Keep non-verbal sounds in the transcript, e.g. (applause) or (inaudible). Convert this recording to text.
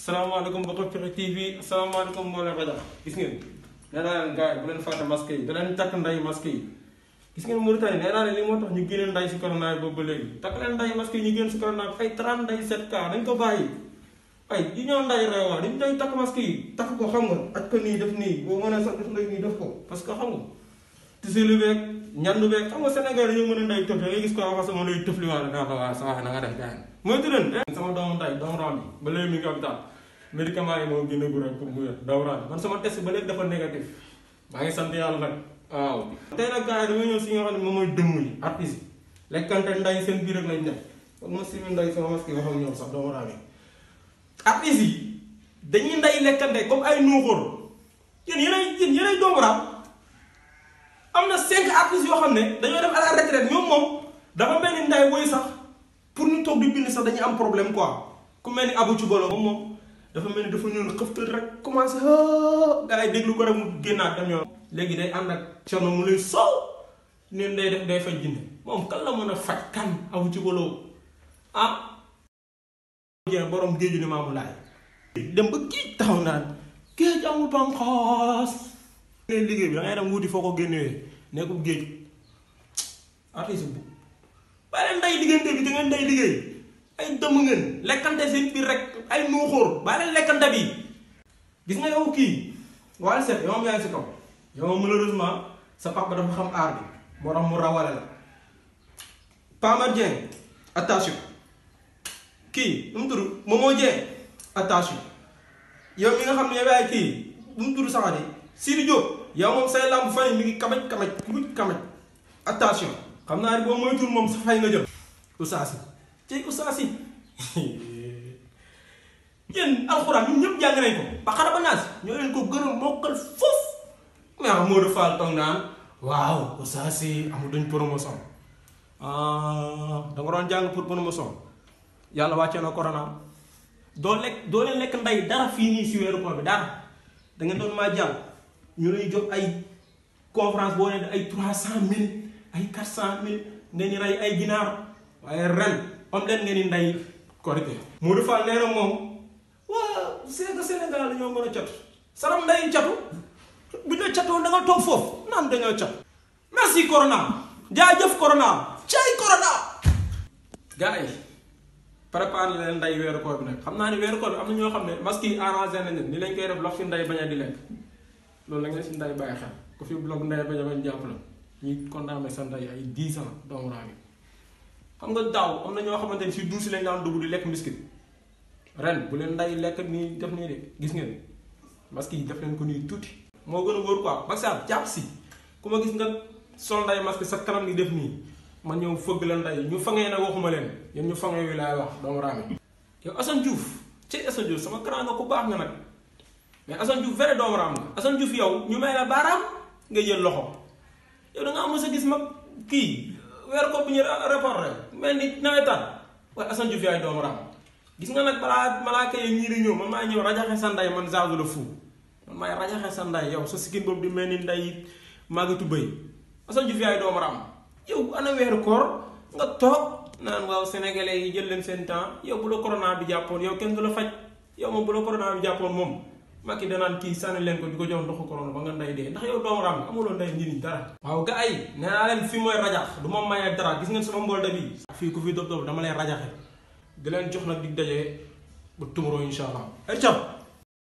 salaamaaleykum mbokk ak Pexxe TV salaamaaleykum mboolem rajo gis ngeen nee naa leen gars bu leen fàtte masque yi da leen takk nday masque gis nee naa leen moo tax ñu génne nday si corona yi boobu ba léegi takk leen nday masque ñu génn si corona bi ay 30 nday 7 cas ko bàyyi ay di ñoo nday reewaa i day takk maski yi takk ko xam nga aj ko nii def nii boo mënee sax def nday nii def ko parce que xam nga ñandu beeg xam nga Sénégal dañoo mën a nday tëf da gis ko wax sama lay tëf li wax la sa wax na nga def gaan mooy tëran eh. sama doomu tay doomu raam bi ba léegi mi ngi hôpital médicament yi moom sama test ba léegi dafa négatif maa ngi sant yàlla nag waaw tey nag xam ne moom mooy dëmm yi artiste yi lekkante nday seen biir rek lañ nekk kon ma simi nday sama masque wax ak ñoom sax doomu raam yi artiste yi dañuy nday lekkante comme ay nuuxóor yéen yéenay yéen doomu raam am na cinq yoo xam ne dañoo dem à la retraite ñoom moom dafa mel ni sax pour ñu toog di bind sax dañuy am problème quoi ku mel ni Abou moom dafa mel ni dafa ñëw xëftal rek commencé gars yi déglu ko rek mu génnaat léegi day ànd ak mu lay soow neen day def day la mën a faj kan Abou Cubalo ah. borom géeju ni maamu laay dem ba géej taxaw naan géej amul banqaas liggéey bi da ngay dem wuti foo ko génnewee nekkul géej artiste bu bare nday diggante bi da ngeen liggéey ay dëmm ngeen lekkante seen biir rek ay nuuxóor bare lekkante bi gis nga yow kii Wally Seck yow am yaa ngi si kaw yow malheureusement sa papa dafa xam aar bi moo tax mu rawale la Pamar Dieng attention kii nu mu tudd Momo Dieng attention yow mi nga xam ne yow yaay kii nu mu tudd saxati Sidi Diop yow moom say làmb fan yi mi ngi kamaj kamaj mu kamaj attention xam naa ne boo moytuwul moom sa fay nga jël ustaas ci ustaas yi (laughs) alxuraan ñun ñëpp jàng nañ ko ba xara ñoo leen ko gën a mokkal foofu mais ah, Modou Fall toog naan waaw ustaas yi duñ promotion ah, da doon jàng pour promotion yàlla wàcce na corona doo lekk doo leen lekk ndey dara fii nii si weeru koor bi dara da doon maa jàng ñu lay jot ay conférence boo nee ay trois cent mille ay quatre cent mille nga ñu rey ay ginaar waaye ren am leen ngeen ni nday korite moo Fall nee na moom waa c'est que Sénégal ñoo mën a catu saram nday catu bu ñu la catoo foofu naan dañoo cat merci corona jaajëf corona cay corona gars yi préparé leen nday weeru koor nag xam naa ne weeru koor am na ñoo xam ne masque yi arrangé nañ leen koy def lox fi nday bañ a di lekk loolu la nga si nday bàyyi xel ku fi bloc nday ba jaman jàpp la ñuy condamné sa nday ay dix ans doomu raam xam nga daaw am na ñoo xamante ni si duus lañ daan dugg di lekk mbiskit ren bu leen nday lekk nii def nii de gis ngeen masque yi def leen ko nii tuuti moo gën a wóor quoi Macky Sall jàpp si ku ma gis nga sol nday masque sa kanam gi def nii man ñëw fëgg la nday ñu fangee nag waxuma leen yéen ñu fangee wi laay wax doomu raam yi yow Assane Diouf ci Assane Diouf sama grand nga ku baax nga mais Assane Diouf vrai doomu raam nga yow ñu may la baaraam nga jël loxo am sa gis mag kii weer mel ni nawetaan waaye Assane Diouf yaay nga nag balaa malaaka yi ñii di ñëw man maa ñëw rajaxe sa nday man Zazu la fu man maay rajaxe sa nday yow sa sikkin boobu di mel ni nday màggatu bëy Assane Diouf yaay doomu raam yow ana weeru koor nga toog. naan waaw sénégalais yi jël leen seen temps yow bu la bi jàppoon yow kenn du la faj yow moom bu la bi jàppoon moom Macky danaan kii sànni leen ko di ko jox ndoxu corona ba nga nday dee ndax yow doomu raam amuloo nday njëriñ dara waaw ga ay nee fi mooy rajax du ma mayee dara gis ngeen sama mbool dabi fii ku fi dob dob dama lay rajaxe di leen jox nag di dajee bu tumuroo insha allah ay